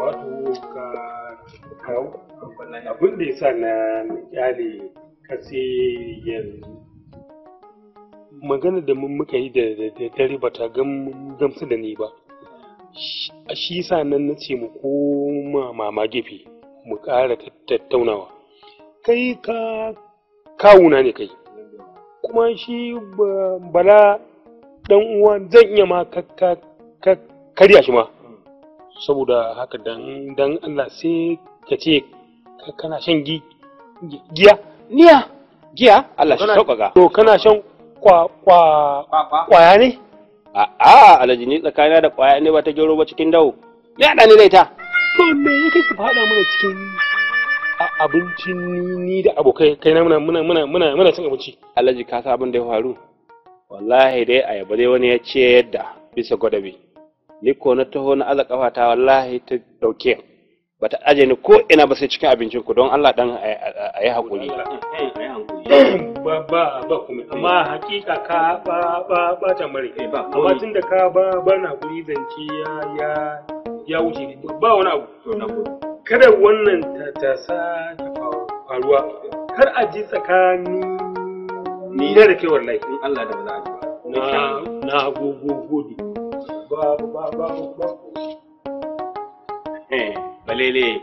wato ka karau abin da ya sa na kyale kasi yanzu magana da mun muka yi da dare ba ta gamsu da ni ba shi sa nan na ce mu koma mama gefe mu ƙara tattaunawa kai ka kawuna ne kai kuma shi bala dan uwa zan iya ma ka karya shi ma hmm. saboda haka dan dan Allah sai ka ce kana shan giya niya giya Allah shi sauƙaƙa to kana shan kwa kwa kwaya ne a'a alaji ni tsakanina da kwaya ne ba ta gero ba cikin dawo me haɗa ni da ita to me yake ku faɗa mana cikin abincin ni da abokai kai na muna muna muna muna muna cin abinci alaji ka sa abin da ya faru wallahi dai ayaba dai wani ya ce yadda bisa gwadabi ni ko na taho na aza kafata wallahi ta dauke bata aje ni ko ina ba sai cikin abincin ku don Allah dan ayi yi hakuri ba ba ba kuma amma hakika ka ba ba ba ba amma tunda ka ba ba na kuri zanci ya ya ya wuce ba wani abu kada wannan ta sa ta faruwa kar a ji tsakani ni da kai wallahi in Allah da ba za a ji ba na na gode ba ba balele eh,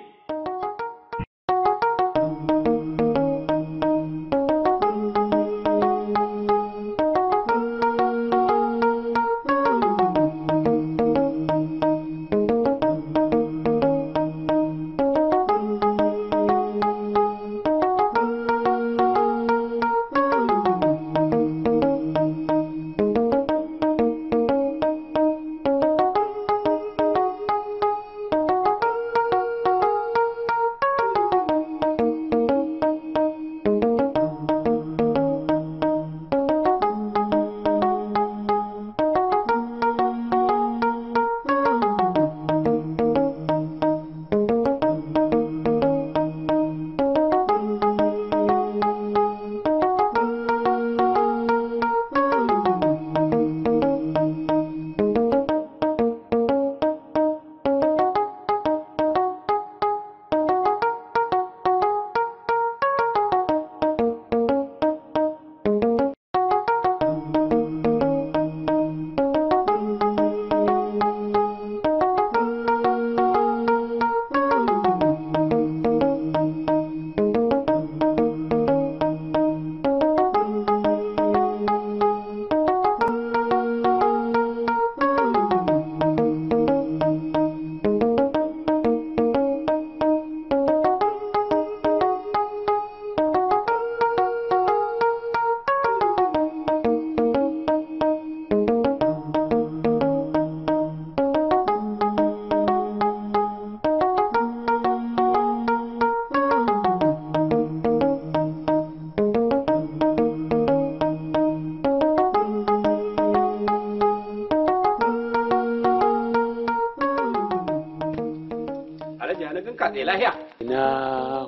hajiya na tsaye lahiya ina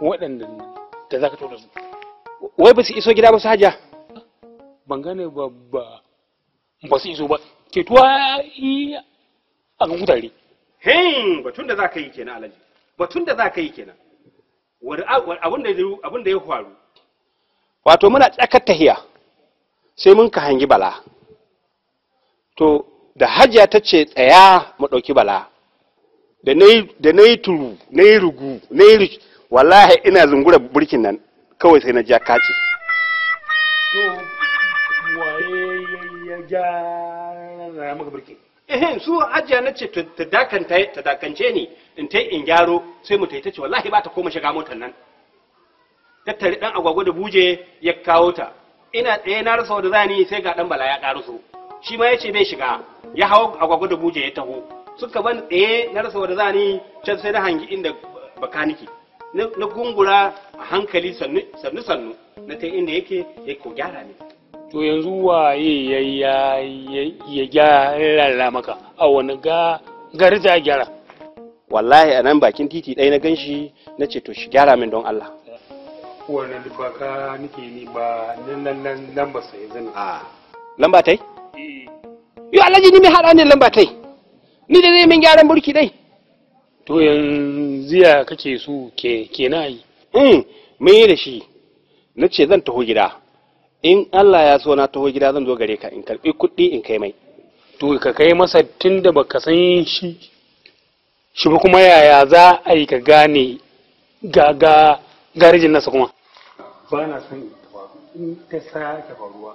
waɗanda da zaka tura su wai ba su iso gida ba su hajiya ban gane ba ba su iso ba ke tuwa a ga kutare hin batun da ka yi kenan alaji batun da za ka yi kenan abin da ya faru wato muna tsakar tahiya sai mun ka hangi bala to da hajiya ta ce tsaya mu ɗauki bala da na yi turu na yi rugu na yi wallahi ina zungura burkin nan kawai sai na ja kaci ehem su hajiya na ce ta dakance ni in ta in gyaro sai mu ta ce wallahi ba ta koma shiga motar nan tattare dan agwagwa da buje ya kawo ta ina tsaye na rasa wadda ni sai ga dan bala ya karo so shi ma yace bai shiga ya hawo agwagwa da buje ya taho suka ban tsaye na rasa wanda zani can sai na hangi inda bakaniki na gungura a hankali sannu sannu na ta inda yake ya ko gyara ne to yanzu waye ya ya gyara maka a wani ga garza gyara wallahi a nan bakin titi ɗaya na ganshi na ce to shi gyara min don Allah wannan dubaka nake ni ba nan nan nan ba sai zan a ah. lamba tai yo alhaji ni mai haɗa ne lamba tai ni da zai min gyaran burki dai to yanzu ya kake su ke kenan yi in hmm, mun yi da shi na ce zan taho gida in Allah ya so na taho gida zan zo gare ka in karbi kuɗi in kai mai to ka kai masa tunda baka san shi shi kuma yaya za a yi ka gane ga ga garejin nasa kuma ba na ta sake faruwa